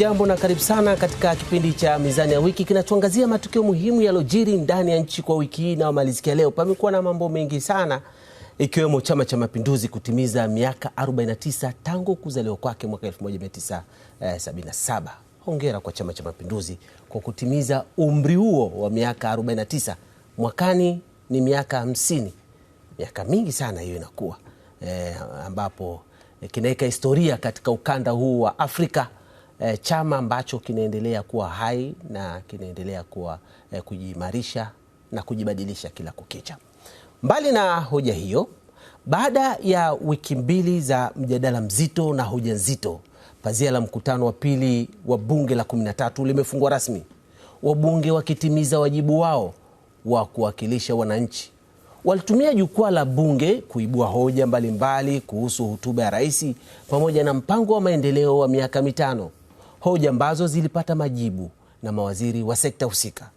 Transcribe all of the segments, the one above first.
Hujambo na karibu sana katika kipindi cha Mizani ya Wiki kinachoangazia matukio muhimu yaliyojiri ndani ya nchi kwa wiki hii inayomalizikia leo. Pamekuwa na mambo mengi sana, ikiwemo Chama cha Mapinduzi kutimiza miaka 49 tangu kuzaliwa kwake mwaka 1977. Eh, Hongera kwa Chama cha Mapinduzi kwa kutimiza umri huo wa miaka 49. Mwakani ni miaka 50, miaka mingi sana hiyo inakuwa e, ambapo kinaweka historia katika ukanda huu wa Afrika eh, chama ambacho kinaendelea kuwa hai na kinaendelea kuwa eh, kujiimarisha na kujibadilisha kila kukicha. Mbali na hoja hiyo, baada ya wiki mbili za mjadala mzito na hoja nzito, pazia la mkutano wa pili wa bunge la 13 limefungwa rasmi, wabunge wakitimiza wajibu wao wa kuwakilisha wananchi. Walitumia jukwaa la bunge kuibua hoja mbalimbali mbali kuhusu hotuba ya rais pamoja na mpango wa maendeleo wa miaka mitano hoja ambazo zilipata majibu na mawaziri wa sekta husika.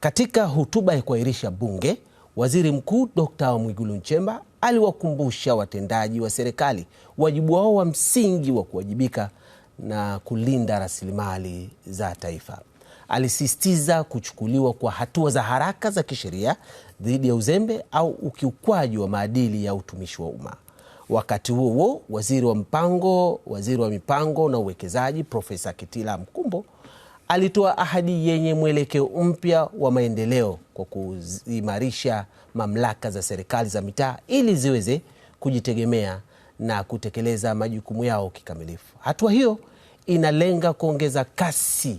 Katika hotuba ya kuahirisha bunge, Waziri Mkuu Dr. Mwigulu Nchemba aliwakumbusha watendaji wa serikali wajibu wao wa msingi wa kuwajibika na kulinda rasilimali za taifa. Alisisitiza kuchukuliwa kwa hatua za haraka za kisheria dhidi ya uzembe au ukiukwaji wa maadili ya utumishi wa umma. Wakati huo huo, waziri wa mpango waziri wa mipango na uwekezaji Profesa Kitila Mkumbo alitoa ahadi yenye mwelekeo mpya wa maendeleo kwa kuimarisha mamlaka za serikali za mitaa ili ziweze kujitegemea na kutekeleza majukumu yao kikamilifu. Hatua hiyo inalenga kuongeza kasi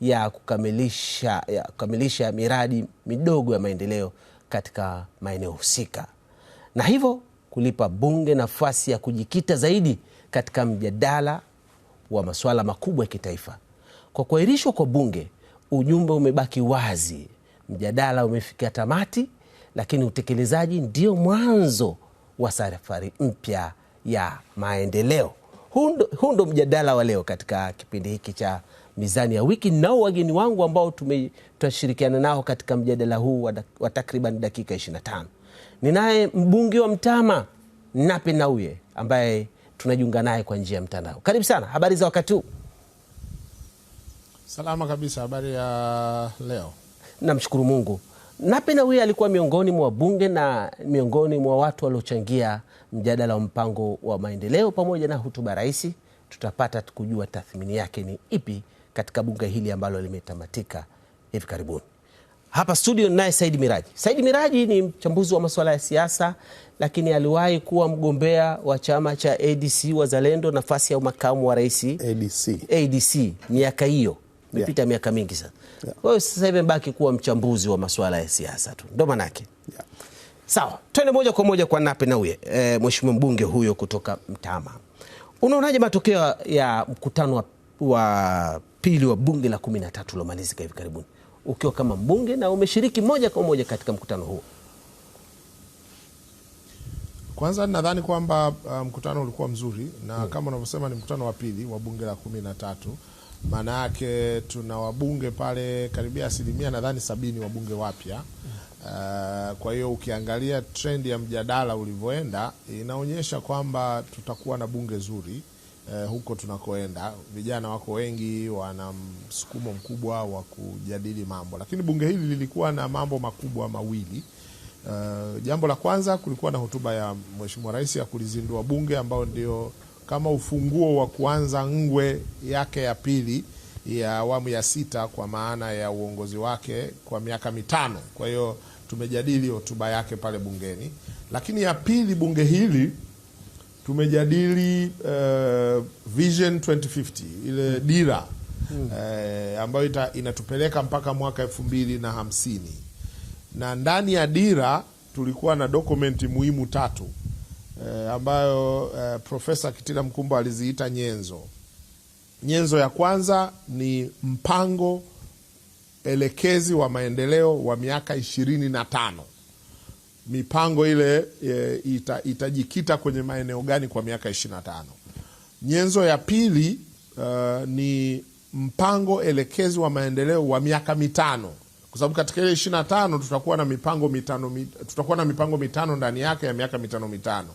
ya kukamilisha, ya kukamilisha miradi midogo ya maendeleo katika maeneo husika na hivyo kulipa bunge nafasi ya kujikita zaidi katika mjadala wa masuala makubwa ya kitaifa. Kwa kuahirishwa kwa bunge, ujumbe umebaki wazi, mjadala umefikia tamati, lakini utekelezaji ndio mwanzo wa safari mpya ya maendeleo. Huu ndo mjadala wa leo katika kipindi hiki cha Mizani ya Wiki. Nao wageni wangu ambao tutashirikiana nao katika mjadala huu wa takriban dakika 25 Ninaye mbunge wa Mtama Nape Nnauye ambaye tunajiunga naye kwa njia ya mtandao. Karibu sana, habari za wakati huu? Salama kabisa, habari ya leo? Namshukuru Mungu. Nape Nnauye alikuwa miongoni mwa wabunge na miongoni mwa watu waliochangia mjadala wa mpango wa maendeleo pamoja na hotuba rais. Tutapata kujua tathmini yake ni ipi katika bunge hili ambalo limetamatika hivi karibuni. Hapa studio naye Said Miraji. Said Miraji ni mchambuzi wa masuala ya siasa, lakini aliwahi kuwa mgombea wa chama cha ADC Wazalendo, nafasi ya makamu wa rais ADC, ADC miaka hiyo imepita yeah. miaka mingi sana yeah. Kwa hiyo sasa hivi mbaki kuwa mchambuzi wa masuala ya siasa tu, ndo manake yeah. Sawa, twende moja kwa moja kwa Nape Nnauye, e, mheshimiwa mbunge huyo kutoka Mtama, unaonaje matokeo ya mkutano wa, wa pili wa bunge la kumi na tatu uliomalizika hivi karibuni? ukiwa kama mbunge na umeshiriki moja kwa moja katika mkutano huu? Kwanza nadhani kwamba uh, mkutano um, ulikuwa mzuri na hmm, kama unavyosema ni mkutano wa pili wa bunge la kumi na tatu maana yake tuna wabunge pale karibia asilimia nadhani sabini wabunge wapya. Uh, kwa hiyo ukiangalia trendi ya mjadala ulivyoenda inaonyesha kwamba tutakuwa na bunge zuri eh, huko tunakoenda vijana wako wengi, wana msukumo mkubwa wa kujadili mambo, lakini bunge hili lilikuwa na mambo makubwa mawili. Uh, jambo la kwanza kulikuwa na hotuba ya Mheshimiwa Rais ya kulizindua bunge ambayo ndio kama ufunguo wa kuanza ngwe yake ya pili ya awamu ya sita kwa maana ya uongozi wake kwa miaka mitano. Kwa hiyo tumejadili hotuba yake pale bungeni, lakini ya pili bunge hili tumejadili uh, Vision 2050 ile dira hmm. uh, ambayo ita, inatupeleka mpaka mwaka elfu mbili na hamsini na ndani ya dira tulikuwa na dokumenti muhimu tatu uh, ambayo uh, Profesa Kitila Mkumbo aliziita nyenzo. Nyenzo ya kwanza ni mpango elekezi wa maendeleo wa miaka ishirini na tano mipango ile e, ita, itajikita kwenye maeneo gani kwa miaka 25. tano. Nyenzo ya pili uh, ni mpango elekezi wa maendeleo wa miaka mitano kwa sababu katika ile 25 tano tutakuwa na mipango mitano mit, tutakuwa na mipango mitano ndani yake ya miaka mitano mitano.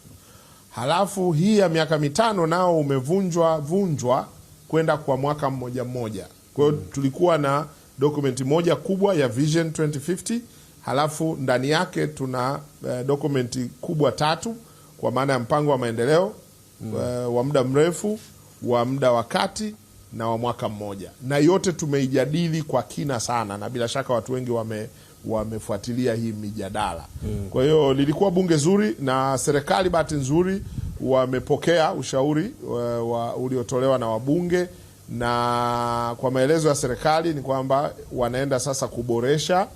Halafu hii ya miaka mitano nao umevunjwa vunjwa kwenda kwa mwaka mmoja mmoja. Kwa hiyo tulikuwa na dokumenti moja kubwa ya Vision 2050 halafu ndani yake tuna uh, eh, dokumenti kubwa tatu kwa maana ya mpango wa maendeleo mm. uh, wa muda mrefu, wa muda wa kati na wa mwaka mmoja, na yote tumeijadili kwa kina sana, na bila shaka watu wengi wame wamefuatilia hii mijadala mm. Kwa hiyo lilikuwa bunge zuri, na serikali bahati nzuri wamepokea ushauri wa, eh, wa, uliotolewa na wabunge, na kwa maelezo ya serikali ni kwamba wanaenda sasa kuboresha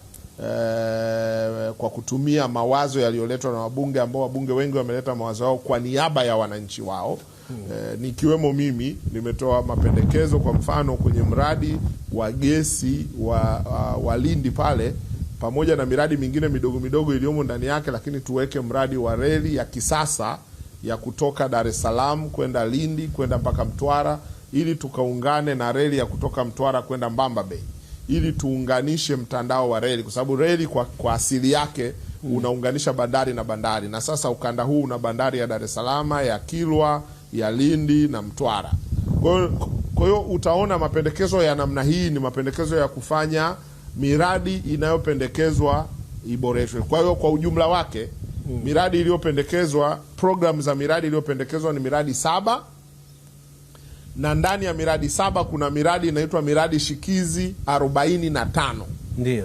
Eh, kwa kutumia mawazo yaliyoletwa na wabunge ambao wabunge wengi wameleta mawazo yao kwa niaba ya wananchi wao. Hmm. E, nikiwemo mimi nimetoa mapendekezo kwa mfano kwenye mradi wa gesi wa, wa, uh, wa Lindi pale pamoja na miradi mingine midogo midogo iliyomo ndani yake, lakini tuweke mradi wa reli ya kisasa ya kutoka Dar es Salaam kwenda Lindi kwenda mpaka Mtwara ili tukaungane na reli ya kutoka Mtwara kwenda Mbamba Bay ili tuunganishe mtandao wa reli, kwa sababu reli kwa, kwa asili yake mm. unaunganisha bandari na bandari, na sasa ukanda huu una bandari ya Dar es Salaam, ya Kilwa, ya Lindi na Mtwara. Kwa hiyo utaona mapendekezo ya namna hii ni mapendekezo ya kufanya miradi inayopendekezwa iboreshwe. Kwa hiyo kwa ujumla wake mm. miradi iliyopendekezwa, programu za miradi iliyopendekezwa ni miradi saba na ndani ya miradi saba kuna miradi inaitwa miradi shikizi 45. na tano.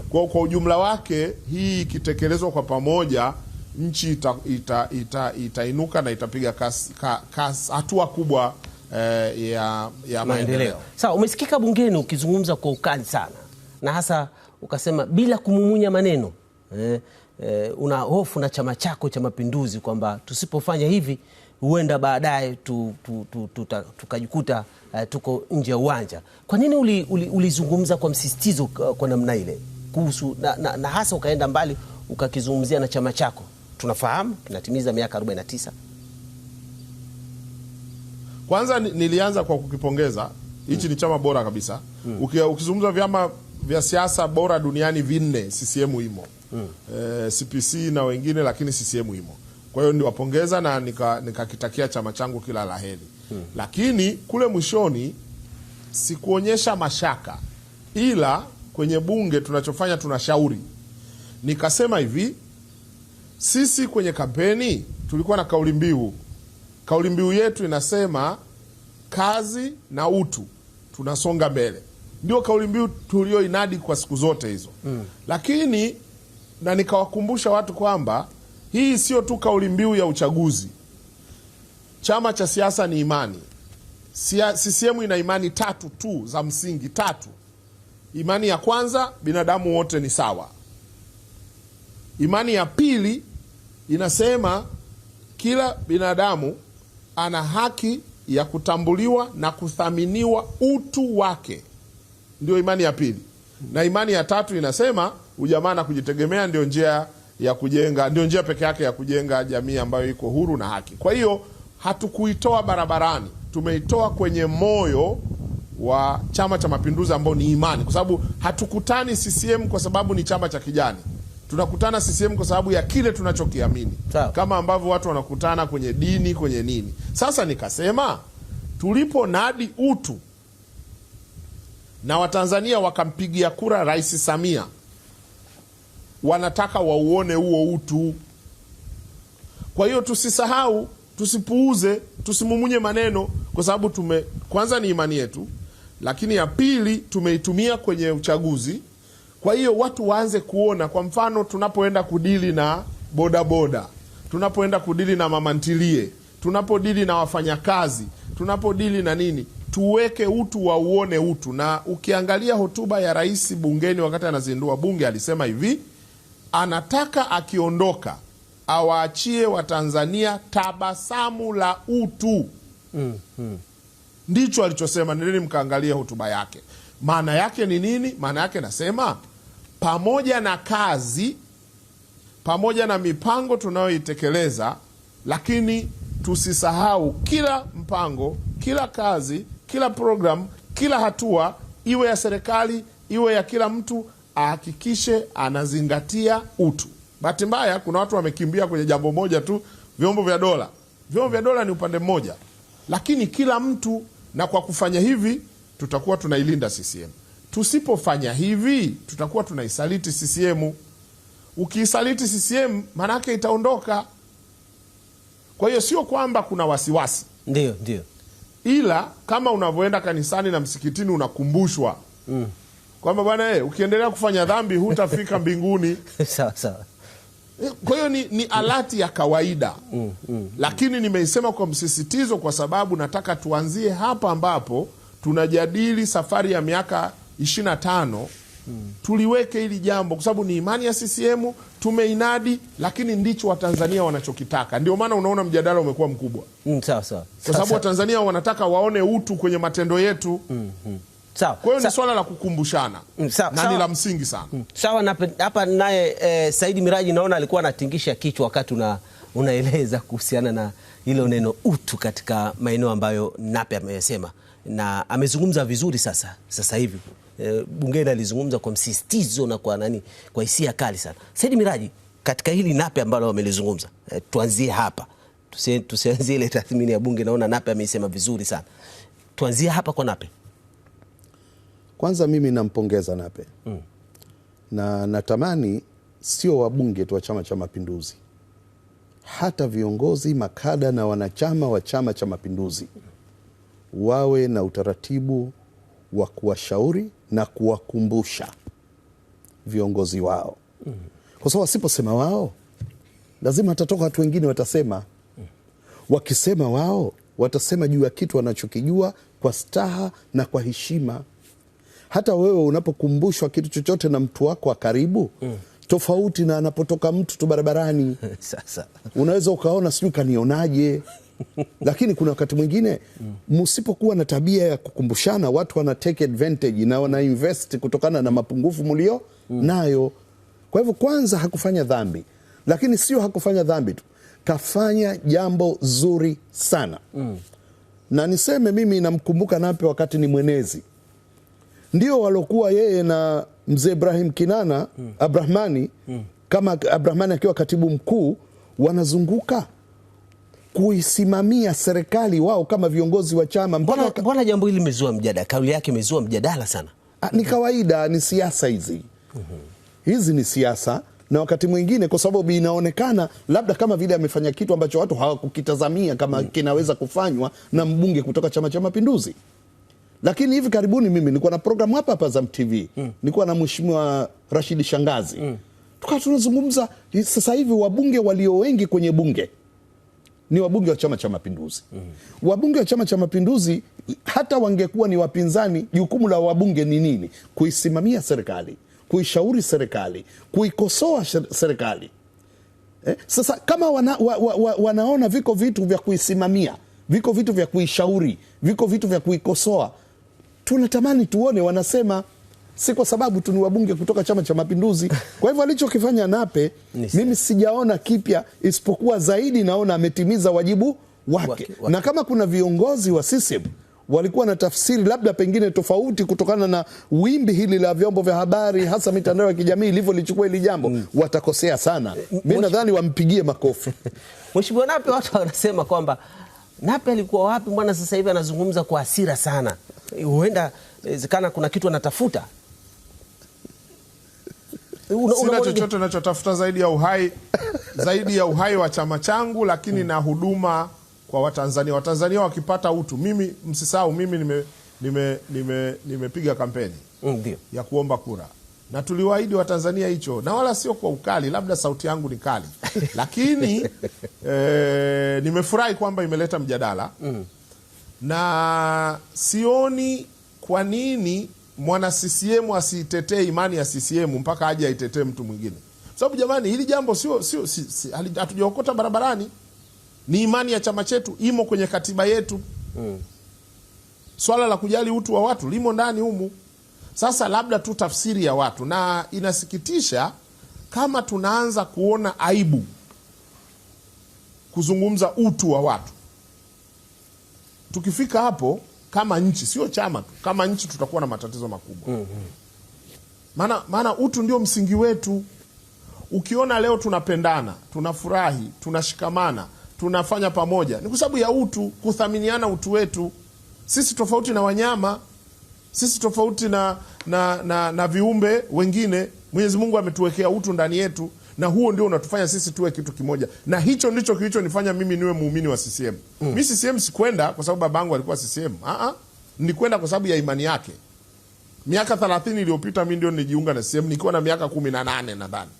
Kwa, kwa ujumla wake hii ikitekelezwa kwa pamoja nchi itainuka ita, ita, ita na itapiga hatua kubwa eh, ya, ya maendeleo. Sawa, umesikika bungeni ukizungumza kwa ukali sana na hasa ukasema bila kumumunya maneno eh, eh, una hofu na chama chako cha Mapinduzi kwamba tusipofanya hivi huenda baadaye tu, tu, tu, tu, tu, tukajikuta uh, tuko nje ya uwanja. Kwa nini ulizungumza uli, uli kwa msisitizo uh, kwa namna ile kuhusu na, na, na hasa ukaenda mbali ukakizungumzia na chama chako? Tunafahamu kinatimiza miaka 49. Kwanza nilianza kwa kukipongeza hichi hmm. ni chama bora kabisa mm. ukizungumza vyama vya siasa bora duniani vinne CCM imo hmm. e, eh, CPC na wengine, lakini CCM imo kwa hiyo niwapongeza na nikakitakia nika chama changu kila la heri hmm. Lakini kule mwishoni sikuonyesha mashaka, ila kwenye bunge tunachofanya tunashauri. Nikasema hivi, sisi kwenye kampeni tulikuwa na kauli mbiu, kauli mbiu yetu inasema kazi na utu, tunasonga mbele. Ndio kauli mbiu tulioinadi kwa siku zote hizo hmm. Lakini na nikawakumbusha watu kwamba hii sio tu kauli mbiu ya uchaguzi. Chama cha siasa ni imani. CCM ina imani tatu tu za msingi tatu. Imani ya kwanza, binadamu wote ni sawa. Imani ya pili inasema kila binadamu ana haki ya kutambuliwa na kuthaminiwa utu wake, ndio imani ya pili. Na imani ya tatu inasema ujamaa na kujitegemea ndio njia ya kujenga, ndio njia peke yake ya kujenga jamii ambayo iko huru na haki. Kwa hiyo hatukuitoa barabarani, tumeitoa kwenye moyo wa Chama cha Mapinduzi ambao ni imani, kwa sababu hatukutani CCM kwa sababu ni chama cha kijani tunakutana CCM kwa sababu ya kile tunachokiamini, kama ambavyo watu wanakutana kwenye dini, kwenye nini. Sasa nikasema tulipo nadi utu na Watanzania wakampigia kura Rais Samia wanataka wauone huo utu. Kwa hiyo tusisahau, tusipuuze, tusimumunye maneno, kwa sababu tume kwanza ni imani yetu, lakini ya pili tumeitumia kwenye uchaguzi. Kwa hiyo watu waanze kuona, kwa mfano tunapoenda kudili na bodaboda, tunapoenda kudili na mamantilie, tunapodili na wafanyakazi, tunapodili na nini, tuweke utu, wauone utu. Na ukiangalia hotuba ya rais bungeni wakati anazindua bunge alisema hivi anataka akiondoka awaachie Watanzania tabasamu la utu mm, -hmm. Ndicho alichosema. Nendeni mkaangalie hotuba yake. Maana yake ni nini? Maana yake nasema, pamoja na kazi, pamoja na mipango tunayoitekeleza, lakini tusisahau kila mpango, kila kazi, kila programu, kila hatua, iwe ya serikali, iwe ya kila mtu ahakikishe anazingatia utu. Bahati mbaya kuna watu wamekimbia kwenye jambo moja tu, vyombo vya dola. Vyombo vya dola ni upande mmoja, lakini kila mtu, na kwa kufanya hivi tutakuwa tunailinda CCM. Tusipofanya hivi tutakuwa tunaisaliti CCM. Ukiisaliti CCM maanaake itaondoka. Kwa hiyo sio kwamba kuna wasiwasi, ndio ndio, ila kama unavyoenda kanisani na msikitini unakumbushwa mm kwamba bwana e, ukiendelea kufanya dhambi hutafika mbinguni. sawa sawa. Eh, kwa hiyo ni, ni alati ya kawaida mm, mm, mm, lakini nimeisema kwa msisitizo kwa sababu nataka tuanzie hapa ambapo tunajadili safari ya miaka 25 tano mm. Tuliweke hili jambo kwa sababu ni imani ya CCM tumeinadi, lakini ndicho Watanzania wanachokitaka. Ndio maana unaona mjadala umekuwa mkubwa mm, sawa sawa, kwa sababu Watanzania wanataka waone utu kwenye matendo yetu mm, mm. Sawa. Kwa hiyo ni swala la kukumbushana mm, na ni la msingi sana. Mm. Sawa, na hapa naye e, Saidi Miraji naona alikuwa anatingisha kichwa wakati una unaeleza kuhusiana na hilo neno utu katika maeneo ambayo Nape ameyasema na amezungumza vizuri. Sasa sasa hivi e, bungeni alizungumza kwa msisitizo na kwa nani, kwa hisia kali sana. Saidi Miraji, katika hili Nape ambalo wamelizungumza e, eh, tuanzie hapa, tusianzie ile tathmini ya bunge. Naona Nape ameisema vizuri sana, tuanzie hapa kwa Nape. Kwanza mimi nampongeza Nape mm. na natamani sio wabunge tu wa Chama cha Mapinduzi, hata viongozi makada na wanachama wa Chama cha Mapinduzi wawe na utaratibu wa kuwashauri na kuwakumbusha viongozi wao mm. kwa sababu wasiposema wao lazima watatoka watu wengine watasema. Mm. Wakisema wao watasema juu ya kitu wanachokijua kwa staha na kwa heshima hata wewe unapokumbushwa kitu chochote na mtu wako wa karibu mm. tofauti na anapotoka mtu tu barabarani sasa unaweza ukaona sijui kanionaje lakini kuna wakati mwingine mm. msipokuwa mm. na tabia ya kukumbushana, watu wana take advantage na wana invest kutokana na mapungufu mulio mm. nayo. Kwa hivyo, kwanza hakufanya dhambi, lakini sio hakufanya dhambi tu, kafanya jambo zuri sana mm. na niseme mimi namkumbuka Nape wakati ni mwenezi ndio walokuwa yeye na mzee Ibrahim Kinana hmm. Abrahmani hmm. kama Abrahmani akiwa katibu mkuu, wanazunguka kuisimamia serikali wao kama viongozi wa chama. Mbona mbona jambo hili limezua mjadala, kauli yake imezua mjadala sana. A, ah, ni kawaida, ni siasa hizi mm-hmm. hizi ni siasa na wakati mwingine kwa sababu inaonekana labda kama vile amefanya kitu ambacho watu hawakukitazamia kama mm. kinaweza kufanywa na mbunge kutoka Chama cha Mapinduzi. Lakini hivi karibuni mimi nilikuwa na programu hapa hapa Azam TV mm. nilikuwa na mheshimiwa Rashidi Shangazi mm. tukawa tunazungumza sasa hivi wabunge walio wengi kwenye bunge ni wabunge wa Chama cha Mapinduzi mm. wabunge wa Chama cha Mapinduzi hata wangekuwa ni wapinzani, jukumu la wabunge ni nini? Kuisimamia serikali, kuishauri serikali, kuikosoa serikali eh? Sasa kama wana, wa, wa, wa, wanaona viko vitu vya kuisimamia, viko vitu vya kuishauri, viko vitu vya kuikosoa tunatamani tuone wanasema, si kwa sababu tu ni wabunge kutoka Chama cha Mapinduzi. Kwa hivyo alichokifanya Nape mimi sijaona kipya, isipokuwa zaidi naona ametimiza wajibu wake, wake, wake. Na kama kuna viongozi wa sisem walikuwa na tafsiri labda pengine tofauti kutokana na wimbi hili la vyombo vya habari hasa mitandao ya kijamii ilivyolichukua hili jambo mm. Watakosea sana, eh, mi nadhani wampigie makofi Mheshimiwa Nape. Watu wanasema kwamba Nape alikuwa wapi bwana? Sasa hivi anazungumza kwa hasira sana, eh, huenda inawezekana eh, kuna kitu anatafuta. Eh, Sina chochote nachotafuta zaidi ya uhai zaidi ya uhai wa chama changu, lakini hmm. na huduma kwa Watanzania. Watanzania wakipata utu. Mimi msisahau, mimi nimepiga nime, nime, nime kampeni hmm, ya kuomba kura na tuliwaahidi Watanzania hicho, na wala sio kwa ukali, labda sauti yangu ni kali lakini e, nimefurahi kwamba imeleta mjadala mm. na sioni kwa nini mwana CCM asiitetee imani ya CCM mpaka aje aitetee mtu mwingine, sababu so, jamani, hili jambo sio sio, hatujaokota barabarani, ni imani ya chama chetu, imo kwenye katiba yetu mm. swala la kujali utu wa watu limo ndani humu. Sasa labda tu tafsiri ya watu, na inasikitisha kama tunaanza kuona aibu kuzungumza utu wa watu. Tukifika hapo kama nchi, sio chama tu, kama nchi tutakuwa na matatizo makubwa. mm -hmm. Maana maana utu ndio msingi wetu. Ukiona leo tunapendana, tunafurahi, tunashikamana, tunafanya pamoja, ni kwa sababu ya utu, kuthaminiana utu wetu. Sisi tofauti na wanyama sisi tofauti na, na, na, na viumbe wengine, Mwenyezi Mungu ametuwekea utu ndani yetu, na huo ndio unatufanya sisi tuwe kitu kimoja, na hicho ndicho kilichonifanya mimi niwe muumini wa CCM. Mm. Mi CCM sikwenda kwa sababu baba yangu alikuwa CCM. Aa, ah, ah. nilikwenda kwa sababu ya imani yake. Miaka thelathini iliyopita mi ndio nijiunga na CCM nikiwa na miaka kumi na nane nadhani.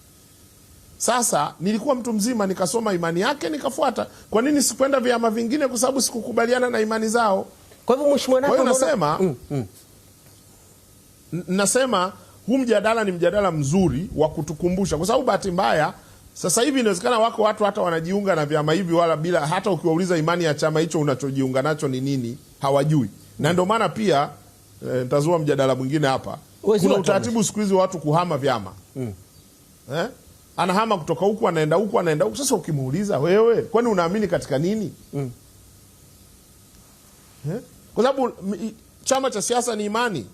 Sasa nilikuwa mtu mzima, nikasoma imani yake nikafuata. Kwa nini sikwenda vyama vingine? Kwa sababu sikukubaliana na imani zao. Kwa hivyo mheshimiwa, nasema mm, mm nasema huu mjadala ni mjadala mzuri wa kutukumbusha, kwa sababu bahati mbaya sasa hivi inawezekana wako watu hata wanajiunga na vyama hivi, wala bila hata ukiwauliza imani ya chama hicho unachojiunga nacho ni nini, hawajui. Na ndio maana pia eh, nitazua eh, mjadala mwingine hapa. Kuna utaratibu siku hizi watu kuhama vyama mm. eh? Anahama kutoka huku anaenda huku anaenda huku. Sasa ukimuuliza wewe, kwani unaamini katika nini mm. eh? kwa sababu chama cha siasa ni imani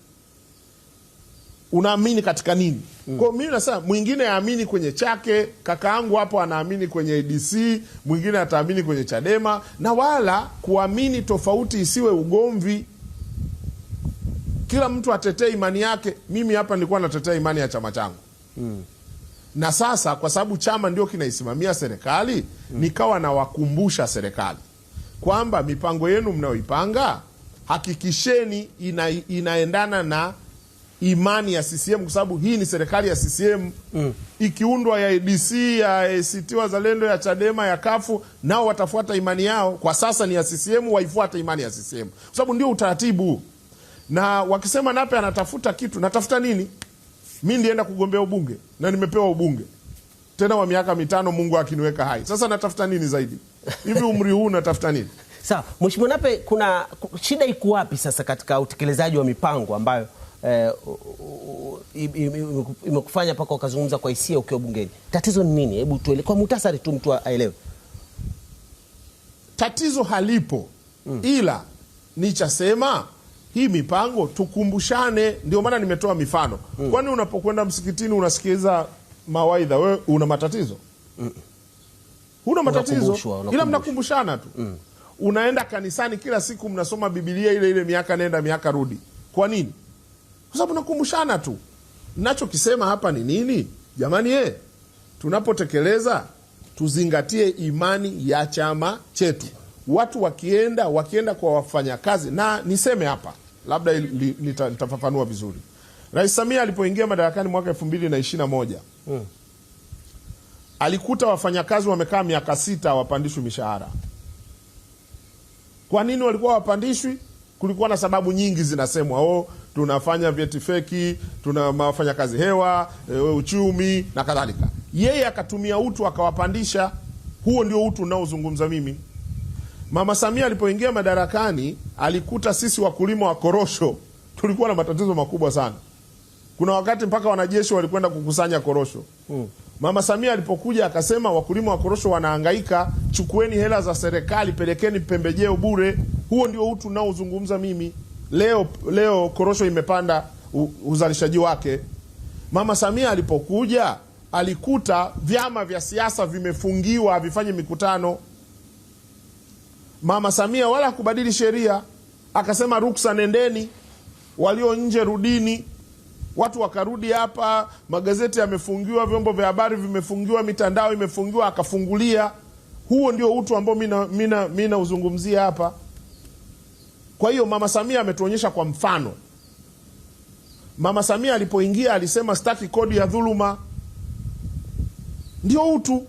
unaamini katika nini? Mm. Kwa mimi nasema mwingine aamini kwenye chake, kakaangu hapo anaamini kwenye adc mwingine ataamini kwenye Chadema na wala kuamini tofauti isiwe ugomvi. Kila mtu atetee imani yake. Mimi hapa nilikuwa natetea imani ya chama changu. Mm. Na sasa kwa sababu chama ndio kinaisimamia serikali, mm. nikawa nawakumbusha serikali kwamba mipango yenu mnayoipanga hakikisheni ina, inaendana na imani ya CCM kwa sababu hii ni serikali ya CCM mm. Ikiundwa ya ADC ya ACT Wazalendo ya Chadema ya Kafu, nao watafuata imani yao. Kwa sasa ni ya CCM, waifuate imani ya CCM kwa sababu ndio utaratibu. Na wakisema Nape anatafuta kitu, natafuta nini? Mi ndienda kugombea ubunge na nimepewa ubunge tena wa miaka mitano, Mungu akiniweka hai. Sasa natafuta nini zaidi? Hivi umri huu natafuta nini? Sawa, Mheshimiwa Nape, kuna shida iko wapi sasa katika utekelezaji wa mipango ambayo eh, imekufanya mpaka ukazungumza kwa hisia ukiwa bungeni. Tatizo ni nini? Hebu tuele kwa muhtasari tu, mtu aelewe. Tatizo halipo mm, ila nichasema hii mipango tukumbushane, ndio maana nimetoa mifano mm. Kwani unapokwenda msikitini unasikiliza mawaidha, wewe una matatizo mm. Huna matatizo ila mnakumbushana tu mm. Unaenda kanisani kila siku mnasoma Bibilia ile ile, miaka nenda miaka rudi. Kwa nini? kwa sababu nakumbushana tu. Nachokisema hapa ni nini jamani? E, tunapotekeleza tuzingatie imani ya chama chetu. Watu wakienda wakienda kwa wafanyakazi, na niseme hapa labda nitafafanua nita vizuri. Rais Samia alipoingia madarakani mwaka elfu mbili na ishirini na moja hmm. alikuta wafanyakazi wamekaa miaka sita wapandishwi mishahara. Kwa nini walikuwa wapandishwi? Kulikuwa na sababu nyingi zinasemwa, oh tunafanya vyeti feki, tuna kazi hewa, e, uchumi na kadhalika. Yeye akatumia utu akawapandisha. Huo ndio utu unaozungumza mimi. Mama Samia alipoingia madarakani, alikuta sisi wakulima wa korosho tulikuwa na matatizo makubwa sana. Kuna wakati mpaka wanajeshi walikwenda kukusanya korosho hmm. Mama Samia alipokuja akasema, wakulima wa korosho wanahangaika, chukueni hela za serikali, pelekeni pembejeo bure. Huo ndio utu unaozungumza mimi leo, leo korosho imepanda uzalishaji wake. Mama Samia alipokuja alikuta vyama vya siasa vimefungiwa havifanyi mikutano. Mama Samia wala kubadili sheria, akasema ruksa, nendeni, walio nje rudini. Watu wakarudi hapa, magazeti yamefungiwa, vyombo vya habari vimefungiwa, mitandao imefungiwa, akafungulia. Huo ndio utu ambao mina uzungumzia hapa. Kwa hiyo Mama Samia ametuonyesha kwa mfano. Mama Samia alipoingia alisema staki kodi ya dhuluma, ndio utu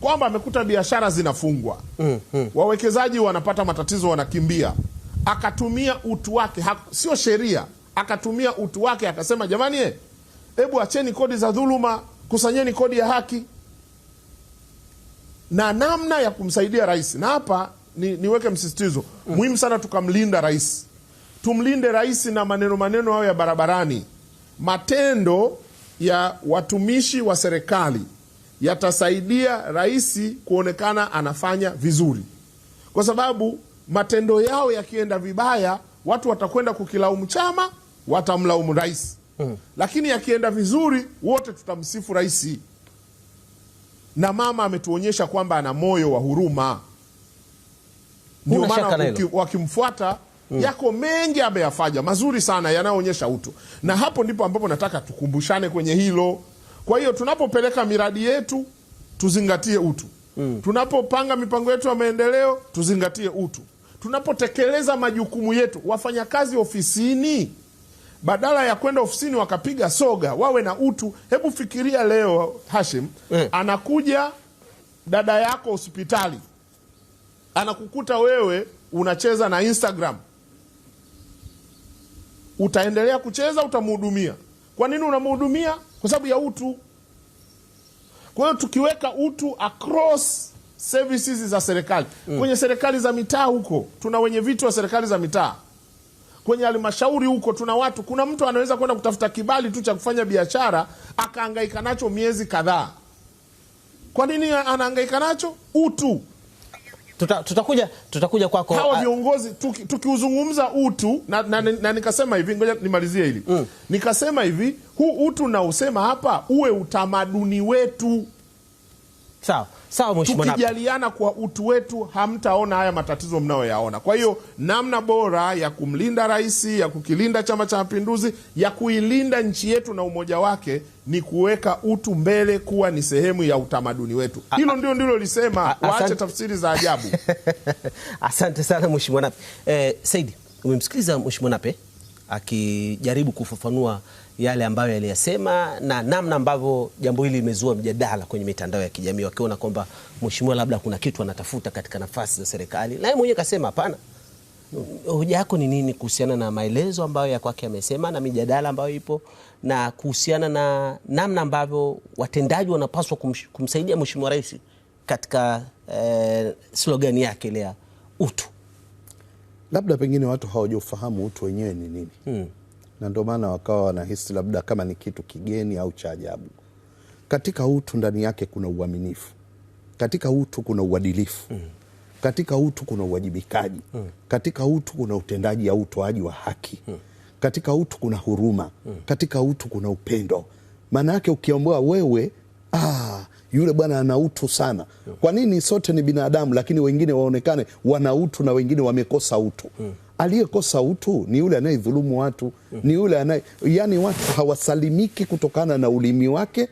kwamba amekuta biashara zinafungwa mm, mm. wawekezaji wanapata matatizo, wanakimbia. Akatumia utu wake ha, sio sheria, akatumia utu wake akasema, jamani, hebu eh, acheni kodi za dhuluma, kusanyeni kodi ya haki na namna ya kumsaidia rais. Na hapa ni, niweke msisitizo muhimu sana, tukamlinda rais, tumlinde rais na maneno maneno hayo ya barabarani. Matendo ya watumishi wa serikali yatasaidia rais kuonekana anafanya vizuri, kwa sababu matendo yao yakienda vibaya, watu watakwenda kukilaumu chama, watamlaumu rais hmm. Lakini yakienda vizuri, wote tutamsifu rais, na mama ametuonyesha kwamba ana moyo wa huruma ndio maana wakimfuata Mm. Yako mengi ameyafanya mazuri sana yanayoonyesha utu, na hapo ndipo ambapo nataka tukumbushane kwenye hilo. Kwa hiyo tunapopeleka miradi yetu tuzingatie utu mm. Tunapopanga mipango yetu ya maendeleo tuzingatie utu. Tunapotekeleza majukumu yetu, wafanyakazi ofisini, badala ya kwenda ofisini wakapiga soga, wawe na utu. Hebu fikiria leo Hashim, mm. anakuja dada yako hospitali anakukuta wewe unacheza na Instagram, utaendelea kucheza, utamhudumia. Kwa nini unamhudumia? Kwa sababu ya utu. Kwa hiyo tukiweka utu across services za serikali mm. Kwenye serikali za mitaa huko tuna wenye viti wa serikali za mitaa, kwenye halmashauri huko tuna watu. Kuna mtu anaweza kwenda kutafuta kibali tu cha kufanya biashara akaangaika nacho miezi kadhaa. Kwa nini anaangaika nacho? Utu tuta, tutakuja tutakuja kwako hawa viongozi tukiuzungumza tuki utu na, na, na, na nikasema hivi, ngoja nimalizie hili mm. Nikasema hivi huu utu naosema hapa uwe utamaduni wetu, sawa Sawa mheshimiwa, tukijaliana kwa utu wetu hamtaona haya matatizo mnayoyaona. Kwa hiyo namna bora ya kumlinda rais, ya kukilinda Chama cha Mapinduzi, ya kuilinda nchi yetu na umoja wake ni kuweka utu mbele, kuwa ni sehemu ya utamaduni wetu. Hilo ndio ndilo lisema, waache tafsiri za ajabu. Asante sana mheshimiwa Nape. Eh, Saidi, umemsikiliza mheshimiwa Nape akijaribu kufafanua yale ambayo yaliyasema na namna ambavyo jambo hili limezua mjadala kwenye mitandao ya kijamii, wakiona kwamba mheshimiwa labda kuna kitu anatafuta katika nafasi za serikali, naye mwenyewe kasema hapana. Hoja yako ni nini kuhusiana na maelezo ambayo ya kwake amesema na mijadala ambayo ipo na kuhusiana na namna ambavyo watendaji wanapaswa kumsaidia mheshimiwa rais katika eh, slogani yake ile ya utu? Labda pengine watu hawajafahamu utu wenyewe ni nini. Hmm na ndio maana wakawa wanahisi labda kama ni kitu kigeni au cha ajabu. Katika utu ndani yake kuna uaminifu, katika utu kuna uadilifu mm. katika utu kuna uwajibikaji mm. katika utu kuna utendaji au utoaji wa haki mm. katika utu kuna huruma mm. katika utu kuna upendo. Maana yake ukiambiwa wewe, ah, yule bwana ana utu sana. Kwa nini? Sote ni binadamu, lakini wengine waonekane wana utu na wengine wamekosa utu aliyekosa utu ni yule anayedhulumu watu, ni yule anaye, yani watu hawasalimiki kutokana na ulimi wake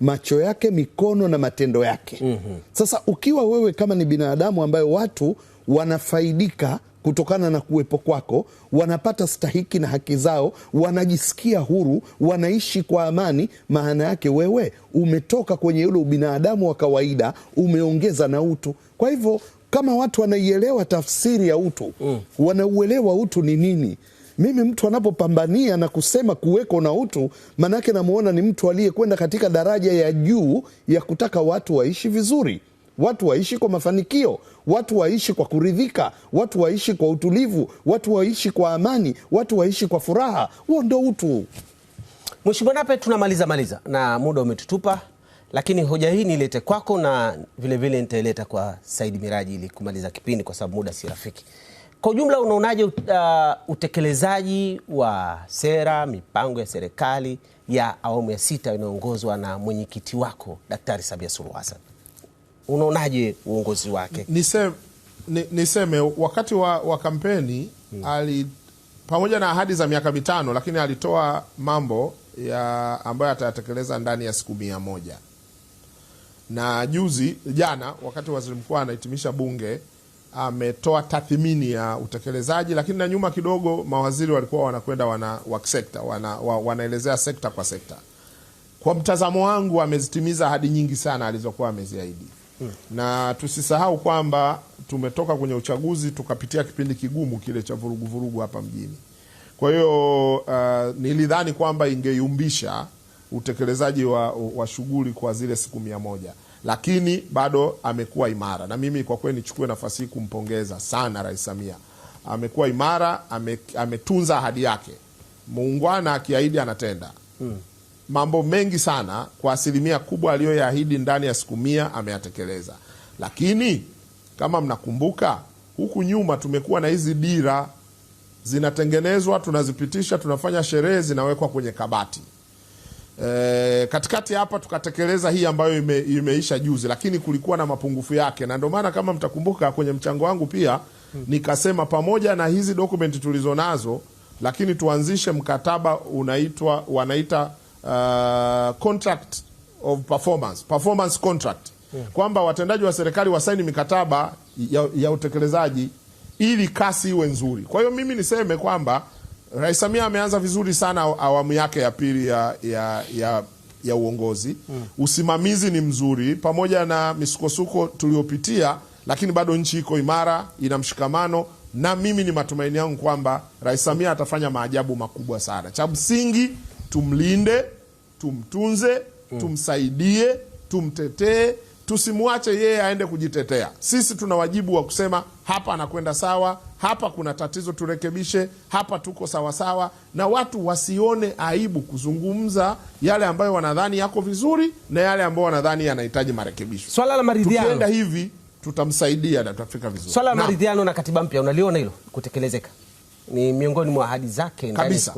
macho yake, mikono na matendo yake. mm -hmm. Sasa ukiwa wewe kama ni binadamu ambaye watu wanafaidika kutokana na kuwepo kwako, wanapata stahiki na haki zao, wanajisikia huru, wanaishi kwa amani, maana yake wewe umetoka kwenye ule ubinadamu wa kawaida, umeongeza na utu. Kwa hivyo kama watu wanaielewa tafsiri ya utu mm. wanauelewa utu ni nini. Mimi mtu anapopambania na kusema kuweko na utu, maanaake namuona ni mtu aliyekwenda katika daraja ya juu ya kutaka watu waishi vizuri, watu waishi kwa mafanikio, watu waishi kwa kuridhika, watu waishi kwa utulivu, watu waishi kwa amani, watu waishi kwa furaha. Huo ndo utu. mweshimua Nape, tunamaliza maliza na muda umetutupa lakini hoja hii nilete kwako na vilevile nitaileta kwa Said Miraji ili kumaliza kipindi kwa sababu muda si rafiki. Kwa ujumla, unaonaje uh, utekelezaji wa sera, mipango ya serikali ya awamu ya sita inayoongozwa na mwenyekiti wako Daktari Samia Suluhu Hassan? Unaonaje uongozi wake? Niseme, niseme wakati wa, wa kampeni hmm. ali pamoja na ahadi za miaka mitano, lakini alitoa mambo ya ambayo atayatekeleza ndani ya siku mia moja na juzi jana, wakati waziri mkuu anahitimisha bunge, ametoa tathmini ya utekelezaji, lakini na nyuma kidogo mawaziri walikuwa wanakwenda wana, wakisekta, wana, wanaelezea sekta kwa sekta. Kwa mtazamo wangu amezitimiza ahadi nyingi sana alizokuwa ameziahidi hmm. Na tusisahau kwamba tumetoka kwenye uchaguzi tukapitia kipindi kigumu kile cha vuruguvurugu hapa mjini. Kwa hiyo uh, nilidhani kwamba ingeyumbisha utekelezaji wa, wa shughuli kwa zile siku mia moja lakini bado amekuwa imara, na mimi kwa kweli nichukue nafasi hii kumpongeza sana Rais Samia. Amekuwa imara, ame, ametunza ahadi yake. Muungwana akiahidi anatenda Hmm. Mambo mengi sana kwa asilimia kubwa aliyoyaahidi ndani ya siku mia ameyatekeleza, lakini kama mnakumbuka, huku nyuma tumekuwa na hizi dira zinatengenezwa, tunazipitisha, tunafanya sherehe, zinawekwa kwenye kabati. E, katikati hapa tukatekeleza hii ambayo ime, imeisha juzi, lakini kulikuwa na mapungufu yake, na ndio maana kama mtakumbuka kwenye mchango wangu pia nikasema pamoja na hizi dokumenti tulizo nazo, lakini tuanzishe mkataba unaitwa wanaita uh, contract of performance, performance contract kwamba watendaji wa serikali wasaini mikataba ya, ya utekelezaji ili kasi iwe nzuri. Kwa hiyo mimi niseme kwamba Rais Samia ameanza vizuri sana awamu yake ya pili ya, ya, ya, ya uongozi hmm. Usimamizi ni mzuri pamoja na misukosuko tuliyopitia, lakini bado nchi iko imara, ina mshikamano, na mimi ni matumaini yangu kwamba Rais Samia atafanya maajabu makubwa sana. Cha msingi tumlinde, tumtunze, hmm. tumsaidie, tumtetee, tusimwache yeye aende kujitetea. Sisi tuna wajibu wa kusema hapa anakwenda sawa, hapa kuna tatizo turekebishe, hapa tuko sawasawa sawa. Na watu wasione aibu kuzungumza yale ambayo wanadhani yako vizuri na yale ambayo wanadhani yanahitaji marekebisho. Swala la maridhiano, tukienda hivi tutamsaidia na tutafika vizuri. Swala la maridhiano na katiba mpya, unaliona hilo kutekelezeka? Ni miongoni mwa ahadi zake kabisa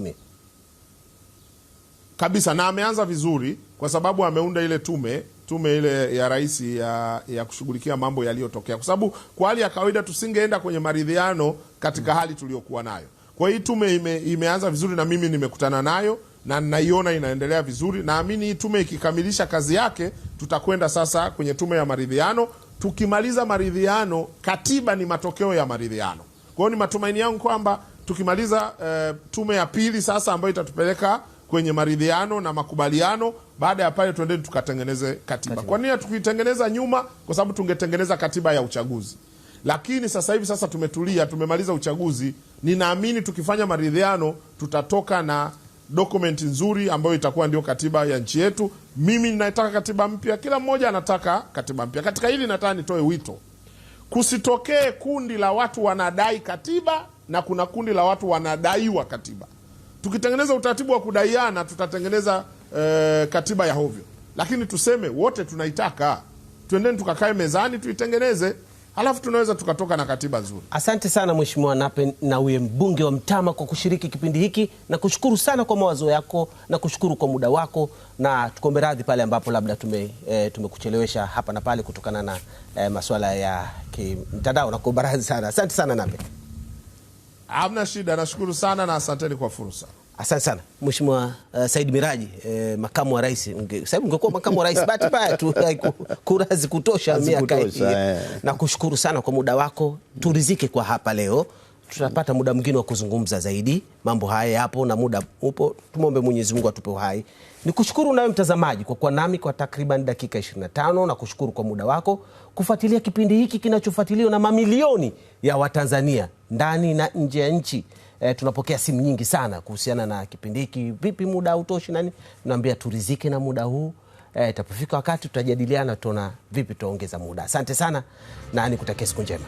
kabisa, na ameanza vizuri kwa sababu ameunda ile tume tume ile ya rais ya, ya kushughulikia mambo yaliyotokea, kwa sababu kwa hali ya kawaida tusingeenda kwenye maridhiano katika mm. hali tuliyokuwa nayo. Kwa hii tume ime, imeanza vizuri na mimi nimekutana nayo na naiona inaendelea vizuri. Naamini hii tume ikikamilisha kazi yake, tutakwenda sasa kwenye tume ya maridhiano. Tukimaliza maridhiano, katiba ni matokeo ya maridhiano. Kwa hiyo ni matumaini yangu kwamba tukimaliza uh, tume ya pili sasa ambayo itatupeleka kwenye maridhiano na makubaliano baada ya pale tuendeni tukatengeneze katiba. katiba. Kwa nini hatukuitengeneza nyuma? Kwa sababu tungetengeneza katiba ya uchaguzi. Lakini sasa hivi sasa tumetulia, tumemaliza uchaguzi. Ninaamini tukifanya maridhiano tutatoka na dokumenti nzuri ambayo itakuwa ndio katiba ya nchi yetu. Mimi ninataka katiba mpya, kila mmoja anataka katiba mpya. Katika hili nataka nitoe wito, kusitokee kundi la watu wanadai katiba na kuna kundi la watu wanadaiwa katiba. Tukitengeneza utaratibu wa kudaiana, tutatengeneza e, katiba ya hovyo, lakini tuseme wote tunaitaka, twendeni tukakae mezani tuitengeneze, halafu tunaweza tukatoka na katiba nzuri. Asante sana Mheshimiwa Nape na uye mbunge wa Mtama, kwa kushiriki kipindi hiki na kushukuru sana kwa mawazo yako na kushukuru kwa muda wako, na tukombe radhi pale ambapo labda tume, e, tumekuchelewesha hapa na pale kutokana na e, eh, masuala ya kimtandao. na radhi sana. Asante sana Nape. Hamna shida, nashukuru sana na asanteni kwa fursa. Asante sana Mheshimiwa uh, Said Miraji eh, makamu wa rais. Sasa ungekuwa makamu wa rais, bahati mbaya tu kura zikutosha miaka hii. Eh. Na kushukuru sana kwa muda wako, turizike kwa hapa leo. Tutapata muda mwingine wa kuzungumza zaidi mambo haya, yapo na muda upo. Tumwombe Mwenyezi Mungu atupe uhai. Nikushukuru nawe mtazamaji kwa kuwa nami kwa takriban dakika 25 na kushukuru kwa muda wako kufuatilia kipindi hiki kinachofuatiliwa na mamilioni ya Watanzania ndani na nje ya nchi eh, tunapokea simu nyingi sana kuhusiana na kipindi hiki, vipi muda hautoshi nani, tunaambia turizike na muda huu eh, itapofika wakati tutajadiliana, tuona vipi tutaongeza muda. Asante sana na nikutakia siku njema.